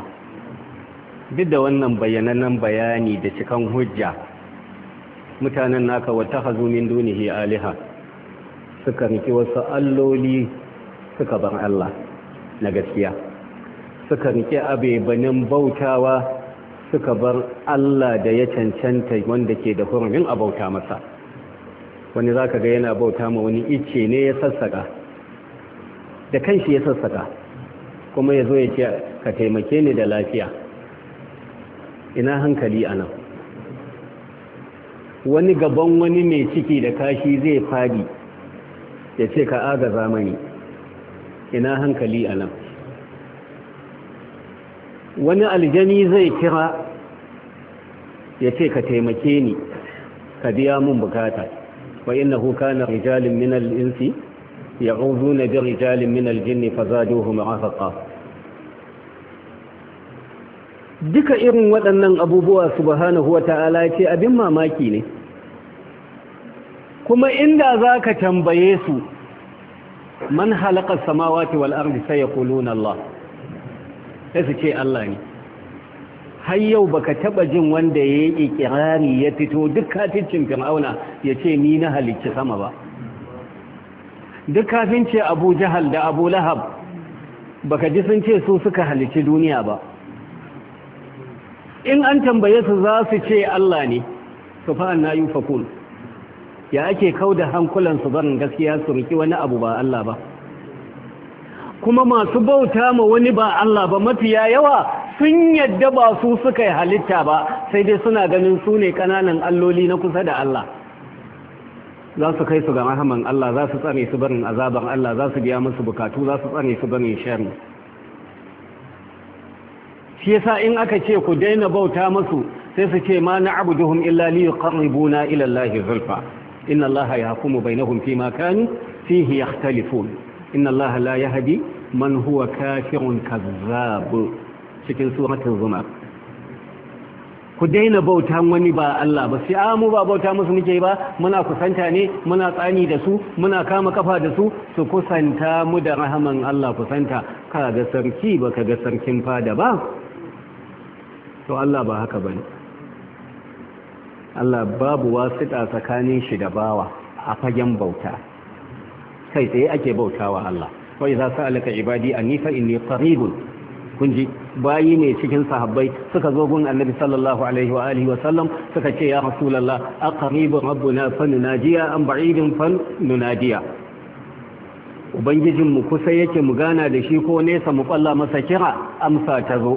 duk da wannan bayyanannen bayani da cikan hujja mutanen naka wata hazumin dunihi aliha suka riki wasu alloli suka bar Allah na gaskiya suka riki abebanin bautawa suka bar Allah da ya cancanta wanda ke da hurumin a bauta masa wani za ka ga yana bauta ma wani icce ne ya sassaka da shi ya sassaka kuma ya zo ya ce ka taimake ni da lafiya ina hankali a nan wani gaban wani mai ciki da kashi zai fadi ya ce ka agaza mani ina hankali a nan wani aljani zai kira ya ce ka taimake ni ka biya mun bukata wa kuka kana rijalin minal insi يعوذون برجال من الجن فزادوهم عفقا duka irin waɗannan abubuwa subhanahu wata'ala ce abin mamaki ne kuma inda za ka tambaye su man halakar samawati wal'ardi sai ya kulun Allah sai su ce Allah ne har yau baka taɓa jin wanda ya yi ikirari ya fito duk katincin fir'auna ya ce ni na halicci sama ba duk kafin ce abu jahal da abu lahab baka ji sun ce su suka halici duniya ba in an tambaye su za su ce Allah ne su fa'an na yi fakul ya ake kau da hankulansu barin gaskiya su riki wani abu ba Allah ba kuma masu bauta ma wani ba Allah ba mafiya yawa sun yadda ba su suka yi halitta ba sai dai suna ganin su ne ƙananan alloli na kusa da Allah za su kai su ga rahaman Allah za su tsare su barin azaban Allah za su biya musu bukatu za su tsare su barin shari shi yasa in aka ce ku daina bauta musu sai su ce ma na'buduhum illa li yuqarribuna ila Allah zulfa inna Allah yahkumu bainahum fi ma kanu fihi yakhtalifun inna Allah la yahdi man huwa kafirun kazzab cikin suratul zumar ku daina bauta wani ba Allah ba sai ah, mu ba bauta musu muke ba muna kusanta ne muna tsani da su muna kama kafa da su su kusanta mu da rahaman Allah kusanta ka ga sarki ba ka ga sarkin fada ba to Allah ba haka bane Allah babu wasita tsakanin shi da bawa a fagen bauta kai tsaye ake bautawa Allah wa idza sa'alaka ibadi anni fa inni qaribun kun ji bayi ne cikin sahabbai suka zo gun annabi sallallahu alaihi wa alihi wa sallam suka ce ya rasulullah aqribun rabbuna fa nunajiya am ba'idun fa nunadiya ubangijinmu kusa yake mu gana da shi ko nesa mu kwalla masa kira amsa ta zo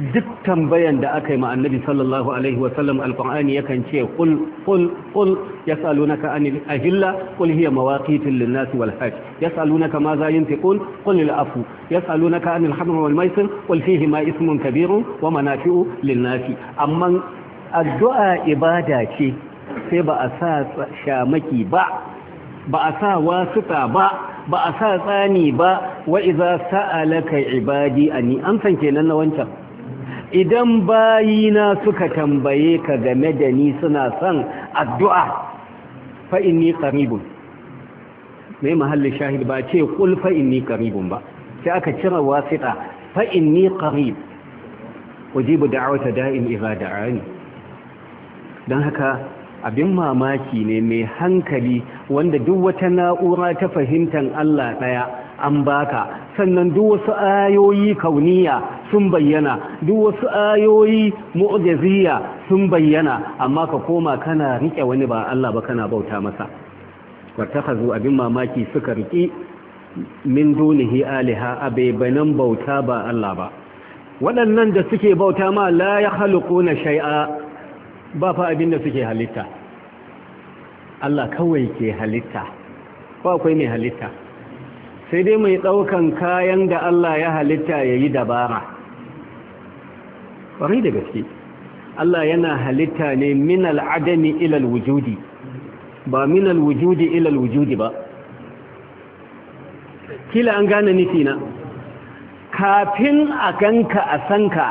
duk tambayan da aka yi ma annabi sallallahu alaihi wasallam alqur'ani yakan ce Kul qul qul qul yasalunaka anil ahilla qul hiya mawaqitun lin-nas wal hajj yasalunaka ma za yunfiqun Kul al-afu ya yasalunaka anil khamr wal maisir Kul fihi ma ismun kabirun wa manafi'u lin-nas amma addu'a ibada ce sai ba a sa shamaki ba ba a sa wasuta ba ba a sa tsani ba wa iza sa'alaka ibadi ani an san kenan na wancan idan bayina suka tambaye ka game da ni suna son addu'a fa'in ni qaribun mai mahalli shahid ba ce kul fa inni ba sai aka cira wasita fa inni qarib ujibu da'wata da'in irada da'ani Don haka abin mamaki ne mai hankali wanda duk wata na'ura ta fahimtar Allah ɗaya. an baka sannan duk wasu ayoyi kauniya sun bayyana duk wasu ayoyi mu'jiziyya sun bayyana amma ka koma kana rike wani ba Allah ba kana bauta masa wattakhazu abin mamaki suka riki min dunihi aliha abebanan bauta ba Allah ba waɗannan da suke bauta ma la ya halukuna shai'a ba fa abin da suke halitta Allah kawai ke halitta ba akwai mai halitta sai dai mai ɗaukan kayan da Allah ya halitta ya yi dabara ƙwarai da gaske Allah yana halitta ne minal adami ilal wujudi ba minal wujudi ilal wujudi ba kila an gane nufina kafin a ganka a sanka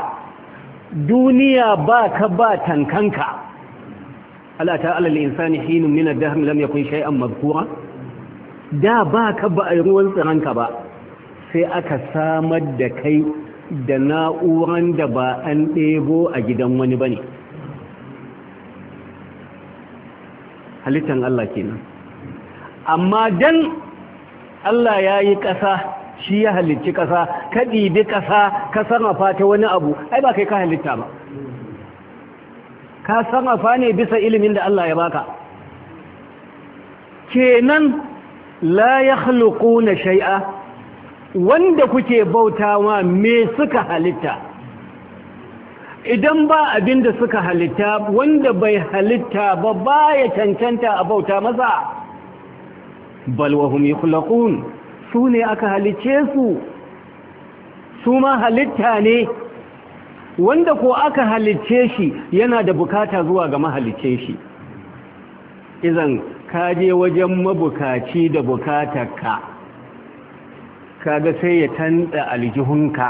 duniya ba ka ba tankanka Allah ta alal insani hinun minar dahar lam kun shay'an mazkura da ba ka ba a ruwan tsiranka ba sai aka samar da kai da na'uran da ba an ɗebo a gidan wani ba ne halittar Allah kenan amma don Allah ya yi ƙasa shi ya halicci ƙasa ka ɗibi ƙasa ka sarrafa ta wani abu ai ba kai ka halitta ba ka sarrafa ne bisa ilimin da Allah ya baka kenan la na shai'a. wanda kuke bautawa me suka halitta idan ba abin da suka halitta wanda bai halitta ba baya cancanta a bauta masa balwahum wahum yukhlaqun su ne aka halice su su ma halitta ne wanda ko aka halice shi yana da bukata zuwa ga mahalice shi izan ka je wajen mabukaci da bukatarka kaga sai ya tanda aljihunka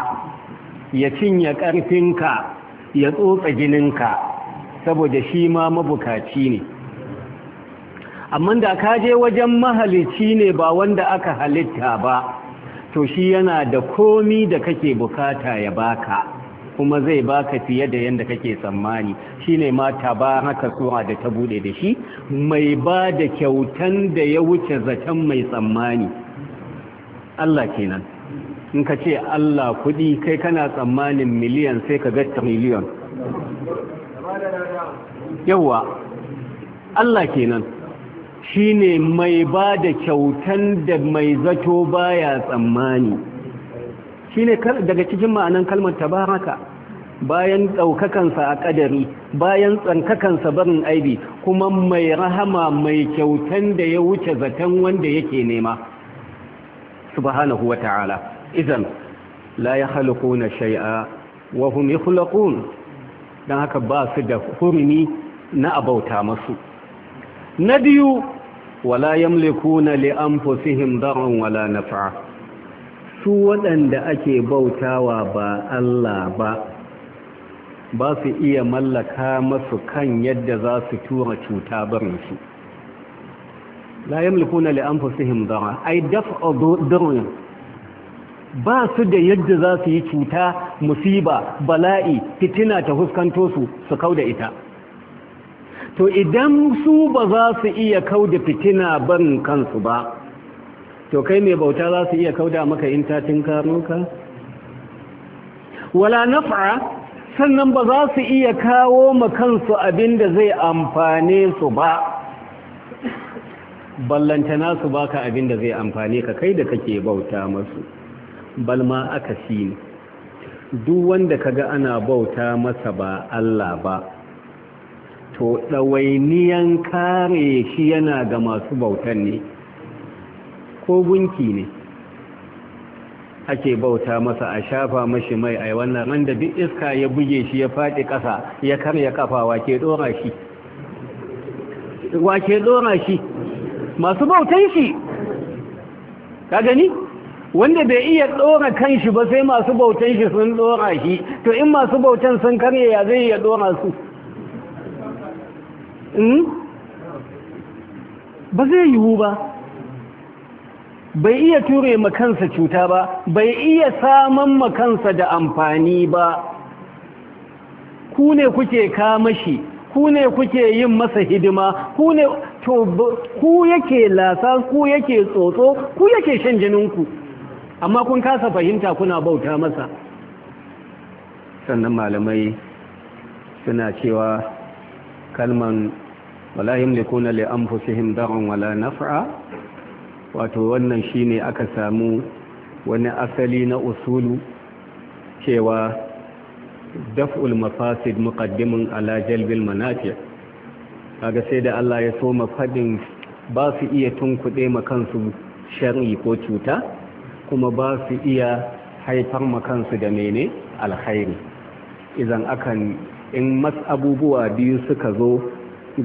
ya cinye ƙarfinka ya tsotsa ka, saboda shi ma mabukaci ne amma da ka je wajen mahalicci ne ba wanda aka halitta ba to shi yana da komi da kake bukata ya baka kuma zai baka fiye da yadda kake tsammani shine mata ba haka sura da ta bude da shi mai ba da kyautan da ya wuce zaton mai tsammani Allah kenan in ka ce Allah kudi kai kana tsammanin miliyan sai ka ga miliyan yawa Allah kenan shine mai ba da kyautan da mai zato baya tsammani Shi ne daga cikin ma'anan kalmar tabaraka bayan ɗaukakansa a ƙadari bayan tsankakansa barin aibi kuma mai rahama mai kyautan da ya wuce zaton wanda yake nema subhanahu wa ta'ala idan la ya na shai'a wa hum yakhlaqun Don haka ba su da hurumi na abauta masu na biyu wala yamlikuna na anfusihim darran wala fa'a? su waɗanda ake bautawa ba Allah ba ba su iya mallaka masu kan yadda za su tura cuta barinsu la na li anfusihim dara ai daf'a darrin ba su da yadda za su yi cuta musiba bala'i fitina ta huskanto su su kauda ita to idan su ba za su iya kauda fitina ban kansu ba to kai mai bauta za su iya kauda maka in ta tinkaro ka wala naf'a sannan ba za su iya kawo makansu kansu abin da zai amfane su ba ballantana su baka abin da zai amfane ka kai da kake bauta masu balma aka shi duk wanda kaga ana bauta masa ba Allah ba to ɗawainiyan kare shi yana ga masu bautan ne ko gunki ne ake bauta masa a shafa mashi mai yi wannan wanda duk iska ya buge shi ya faɗi ƙasa ya karya ƙafa, wake ɗora shi wake ɗora shi masu bautan shi ka gani wanda bai iya ɗora kan shi ba sai masu bautan shi sun ɗora shi to in masu bautan sun karye ya zai iya ɗora su hmm? ba zai yiwu ba bai iya ture makansa cuta ba bai iya saman makansa da amfani ba ku ne kuke kama shi ku ne kuke yin masa hidima ku ne ku yake lasa ku yake tsotso ku yake shan jininku amma kun kasa fahimta kuna bauta masa sannan malamai suna cewa kalman wala yamlikuna li anfusihim dar'an wala naf'a wato wannan shine aka samu wani asali na usulu cewa daf'ul mafasid muqaddimun ala jalbil manafi' kaga sai da Allah ya so mafadin ba su iya tunkuɗe kansu shar'i ko cuta kuma ba su iya haifar makansu da mene alkhairi idan akan in mas abubuwa biyu suka zo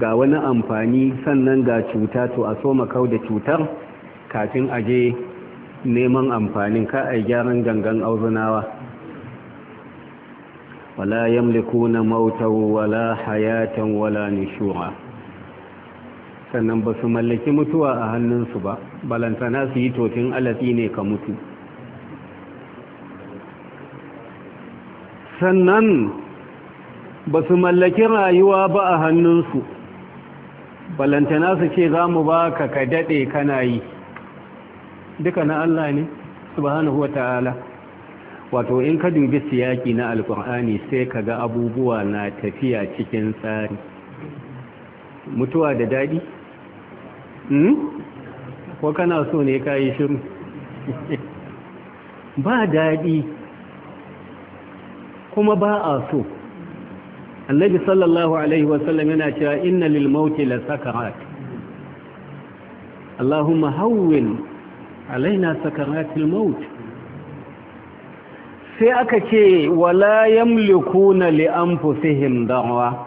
ga wani amfani sannan ga cuta to a so makau da cutar kafin a je neman amfanin ka a gyaran gangan auzunawa wala na mautar wala hayatan wala nishura sannan ba su mallaki mutuwa a hannunsu ba balantana su yi totin alatsi ne ka mutu sannan ba su mallaki rayuwa ba a hannunsu balantana su ce za mu ba ka ka daɗe kana yi duka na Allah ne subhanahu wa ta'ala wato in ka dubi siyaki na alkur'ani sai ka ga abubuwa na tafiya cikin tsari mutuwa da daɗi? Hmm? ko kana so ne ka yi shiru ba daɗi kuma ba a so annabi sallallahu alaihi wasallam yana cewa inna lil mauti la sakarat allahumma hawwin alaina sakaratul maut sai aka ce wala yamlikuna li anfusihim darwa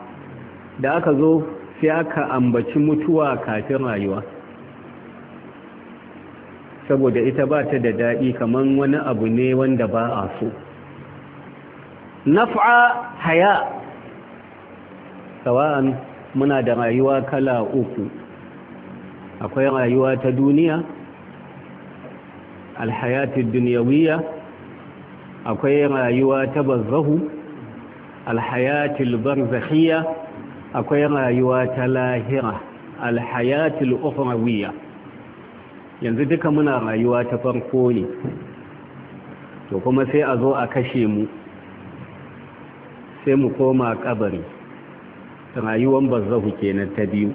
da aka zo sai aka ambaci mutuwa kafin rayuwa saboda ita ba ta da daɗi kamar wani abu ne wanda ba a so naf'a haya sawa'an muna da rayuwa kala uku akwai rayuwa ta duniya alhayatun duniyawiya akwai rayuwa ta barzahu alhayatul barzakhiya akwai rayuwa ta lahira alhayatul ukhrawiyya yanzu duka muna rayuwa ta farko ne to kuma sai a zo a kashe mu sai mu koma kabari rayuwar barzahu kenan ta biyu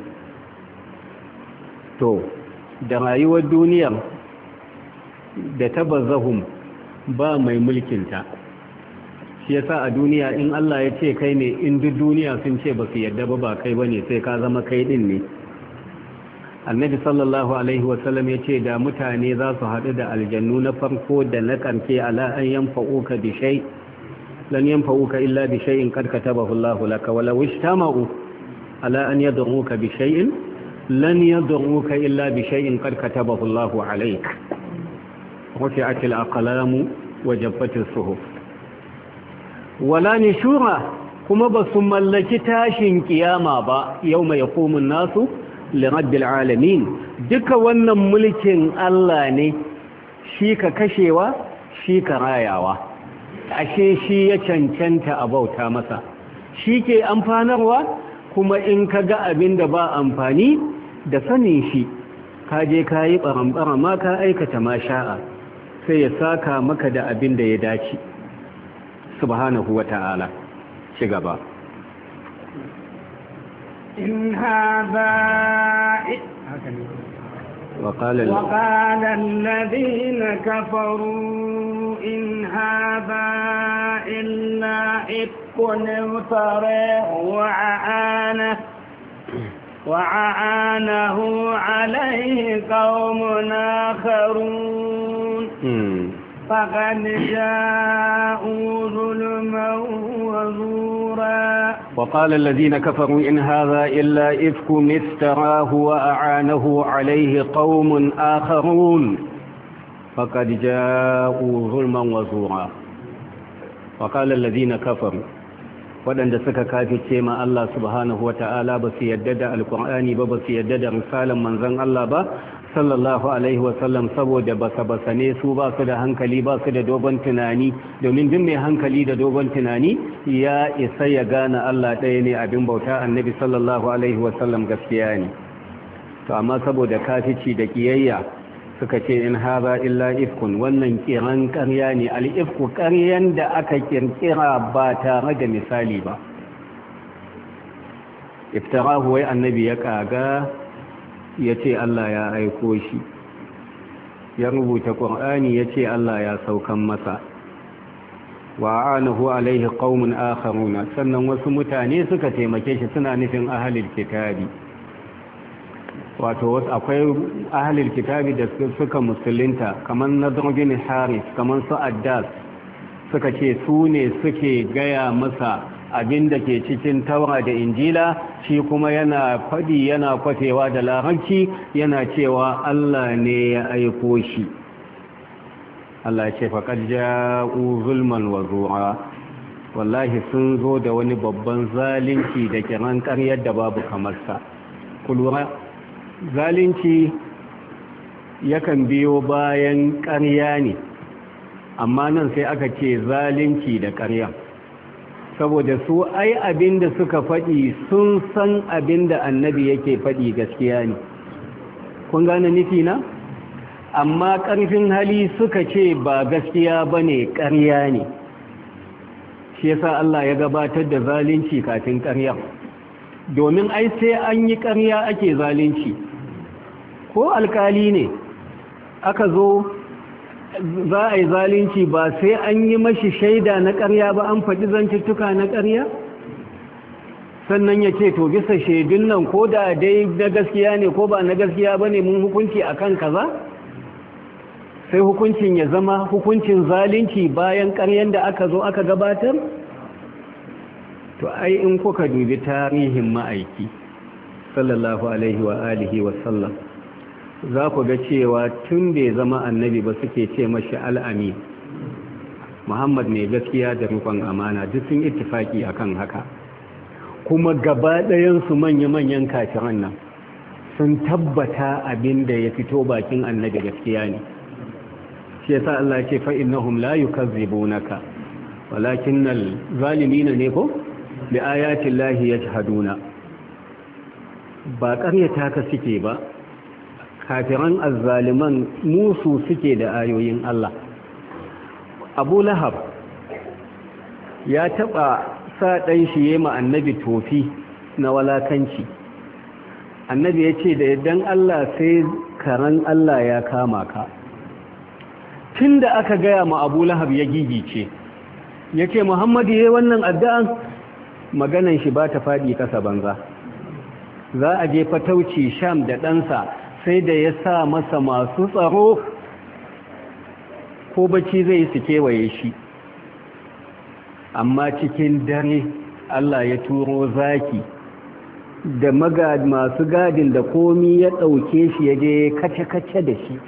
to da rayuwar duniyar da tabazzahum ba mai mulkinta shi yasa a duniya in Allah ya ce kai ne in duk duniya sun ce ba su yadda ba ba kai ba ne sai ka zama kai din ne annabi sallallahu alaihi wasallam ya ce da mutane za su haɗu da aljannu na farko da na ƙarfe ala an yanfa'uka bi shay lan yanfa'uka illa bi shay'in qad katabahu Allah laka wa law ishtama'u ala an yad'uka bi shay'in lan yad'uka illa bi shay'in qad katabahu Allah alayka وسعت الأقلام وجبت الصحف ولا نشورا كما بسم لك تاشن قياما با يوم يقوم الناس لرب العالمين دك ون ملك الله ني شيك كشيوا شيك رايوا ashe shi ya cancanta a bauta masa shi ke amfanarwa kuma in ka ga abin da ba amfani da sanin shi ka je ka yi ɓaramɓara ma ka aikata ma sha'a sai ya saka maka da abin da ya dace subhanahu wa ta'ala ci gaba in haɗa وقال, وقال الذين كفروا إن هذا إلا إفك افتريه وعانه وعانه عليه قوم آخرون فقد جاءوا ظلما وزورا وقال الذين كفروا إن هذا إلا إفك افتراه وأعانه عليه قوم آخرون فقد جاءوا ظلما وزورا وقال الذين كفروا waɗanda suka kafice ma Allah subhanahu wata'ala ba su yadda da alkur'ani ba ba su yadda da misalin manzon Allah ba sallallahu alaihi wasallam saboda basa basa ne su ba su da hankali ba su da dogon tunani domin duk mai hankali da dogon tunani ya isa ya gane Allah ɗaya ne abin bauta annabi sallallahu alaihi wasallam gaskiya ne to amma saboda kafici da kiyayya suka ce in haza illa ifkun wannan kiran ƙarya ne al'ifku ƙaryan da aka kirkira ba tare da misali ba iftarahu wai annabi ya kaga ya ce Allah ya aiko shi ya rubuta ƙur'ani ya ce Allah ya saukan masa wa anahu alaihi qaumun akharuna sannan wasu mutane suka taimake shi suna nufin ahlul kitabi wato wasu akwai ahalil kitabi da suka musulinta kamar na bin haris kamar su addas suka ce su ne suke gaya masa abin da ke cikin taura da injila shi kuma yana faɗi yana kwafewa da larabci yana cewa allah ne ya aiko shi allah ce faƙar ja'u zulman wa zuwa wallahi sun zo da wani babban zalunci da kiran ƙaryar da babu kamarsa kulura zalunci yakan biyo bayan ƙarya ne amma nan sai aka ce zalunci da ƙarya saboda su ai abin da suka faɗi sun san abin da annabi yake faɗi gaskiya ne kun gane nufi na amma ƙarfin hali suka ce ba gaskiya ba ne ƙarya ne shi yasa Allah ya gabatar da zalunci kafin ƙarya domin ai sai an yi ƙarya ake zalunci ko alkali ne aka zo za a yi zalunci ba sai an yi mashi shaida na ƙarya ba an faɗi zancittuka na ƙarya sannan ya ce to bisa shaidun nan ko da dai na gaskiya ne ko ba na gaskiya ba ne mun hukunci a kan kaza sai hukuncin ya zama hukuncin zalunci bayan ƙaryen da aka zo aka gabatar to ai in kuka dubi tarihin ma'aiki sallallahu alaihi wa alihi wa sallam za ku ga cewa tun bai zama annabi ba suke ce mashi al'ami muhammad mai gaskiya da rikon amana duk sun ittifaki akan haka kuma gaba ɗayansu manya-manyan kafiran nan sun tabbata abin da ya fito bakin annabi gaskiya ne shi yasa Allah ce fa innahum la yukazzibunaka walakinnal zalimina ne ko bi ayatin lahi ya Haduna. ba ƙaryata ka suke ba kafiran azzaliman musu suke da ayoyin Allah abu lahab ya taɓa sa ɗan shi ya ma annabi tofi na walakanci annabi ya ce da yaddan Allah sai karan Allah ya kama ka Tunda da aka gaya ma abu lahab ya gigice ya ce muhammadu ya yi wannan addu'an maganan shi ba ta faɗi ƙasa banza za a je fatauci sham da ɗansa sai da ya sa masa masu tsaro ko bacci zai su kewaye shi amma cikin dare Allah ya turo zaki da magad masu gadin da komi ya ɗauke shi ya je kace-kace da shi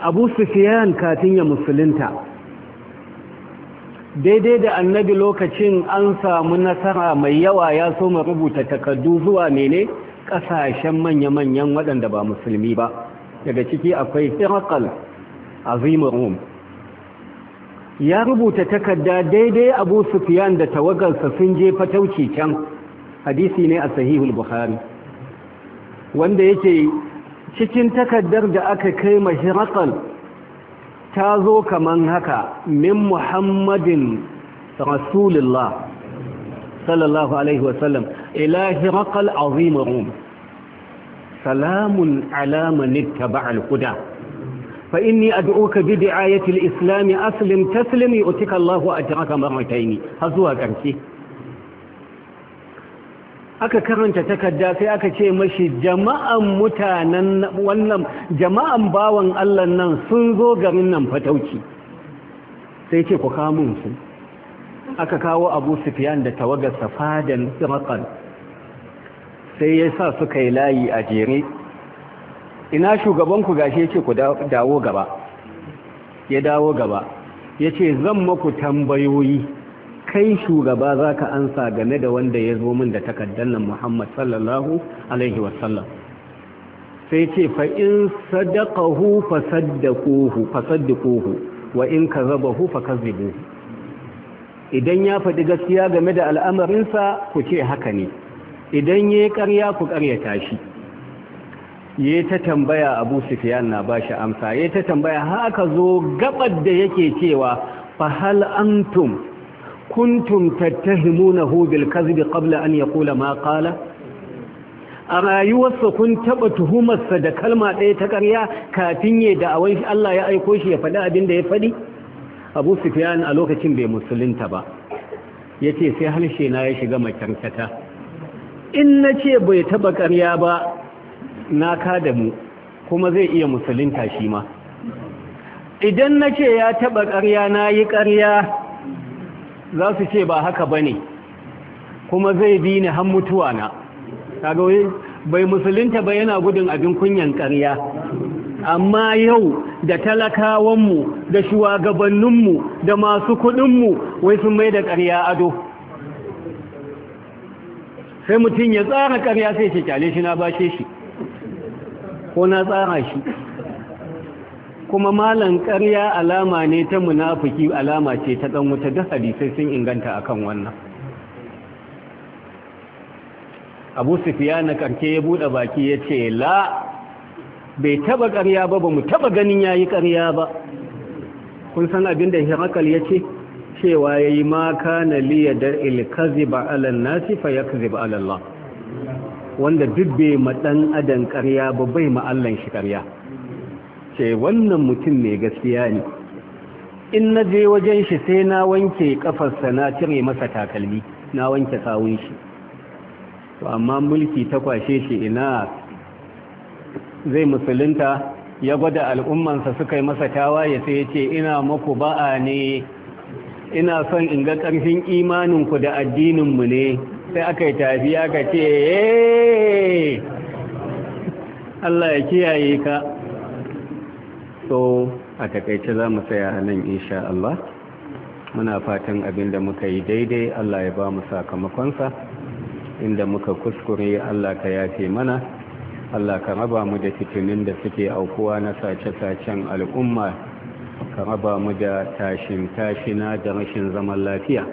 abu sufiyan katin ya musulunta daidai da annabi lokacin an samu nasara mai yawa ya soma rubuta takardu zuwa mene kasashen manya-manyan waɗanda ba musulmi ba daga ciki akwai irakal azimur ya rubuta takarda daidai abu sufiyan da tawagarsa sun je fatauci can hadisi ne a sahihul buhari wanda yake cikin takardar da aka kai mahirakal ta zo kaman haka min muhammadin rasulullah sallallahu alaihi wasallam ila raƙal azim rum salamun ala man al huda fa inni ad'uka bi di'ayati al islam aslim taslim yu'tika allah ajraka marratayn har zuwa ƙarshe. aka karanta takarda sai aka ce mashi jama'an mutanen wannan jama'an bawan Allah nan sun zo garin nan fatauki sai ce ku kawo mun su aka kawo Abu Sufyan da tawagar safadan Iraqan sai ya sa suka yi layi a jere ina shugaban ku gashi yace ku dawo gaba ya dawo gaba yace zan maku tambayoyi kai shugaba za ka ansa game da wanda ya zo min da takardar nan muhammad sallallahu alaihi wasallam sai ce fa'in sadakahu fasaddakohu wa in ka zabahu fakazibu idan ya faɗi gaskiya game da al'amarinsa ku ce haka ne idan ya yi ƙarya ku ƙaryata shi ya ta tambaya abu sufiyan na ba shi amsa ya ta tambaya haka zo gabar da yake cewa fahal antum Kun tattahimunahu bil kadhibi qabla an yaqula ma qala a rayuwarsa kun taɓa tuhumarsa da kalma ɗaya ta ƙarya kafin ya da'awai Allah ya aiko shi ya faɗi abin da ya faɗi Abu Sufyan a lokacin bai musulunta ba yace sai harshe na ya shiga makarkata in nace bai taba ƙarya ba na ka kuma zai iya musulunta shi ma idan nace ya taɓa ƙarya na yi ƙarya za su ce ba haka ba ne kuma zai bi ni han mutuwa na kaga bai musulunta ba yana gudun abin kunyan ƙarya amma yau da talakawanmu da shugabanninmu da masu kuɗinmu wai sun mai da ƙarya ado sai mutum ya tsara karya sai ce kyale shi na bashe shi ko na tsara shi kuma malan ƙarya alama ne ta munafuki, alama ce ta ɗan wuta da hadisai sun inganta a kan wannan abu sufiya na ƙarke ya buɗe baki ya ce la bai taba ƙarya ba ba mu taba ganin ya yi ƙarya ba kun san abin da hirakal ya ce cewa ya yi maka na liyadar ilkazi ba alan nasi fa ya kazi ba alallah wanda duk bai maɗan adan ƙarya ba bai ma'allan shi ƙarya ce wannan mutum mai gaskiya ne in na je wajen shi sai na wanke kafarsa na cire masa takalmi na wanke sawun shi amma mulki ta kwashe shi ina zai musulunta ya gwada al'ummansa suka yi masa ya sai ya ce ina maku ba'a ne ina son in ga ƙarfin imaninku da addininmu ne sai aka yi tafiya ka ce Allah ya kiyaye ka so a takaice za mu tsaya nan insha Allah muna fatan abin da muka yi daidai Allah ya ba mu sakamakonsa inda muka kuskure Allah ka yafe mana Allah ka raba mu da fitinin da suke aukuwa na sace-sacen al'umma ka raba mu da tashin tashina da rashin zaman lafiya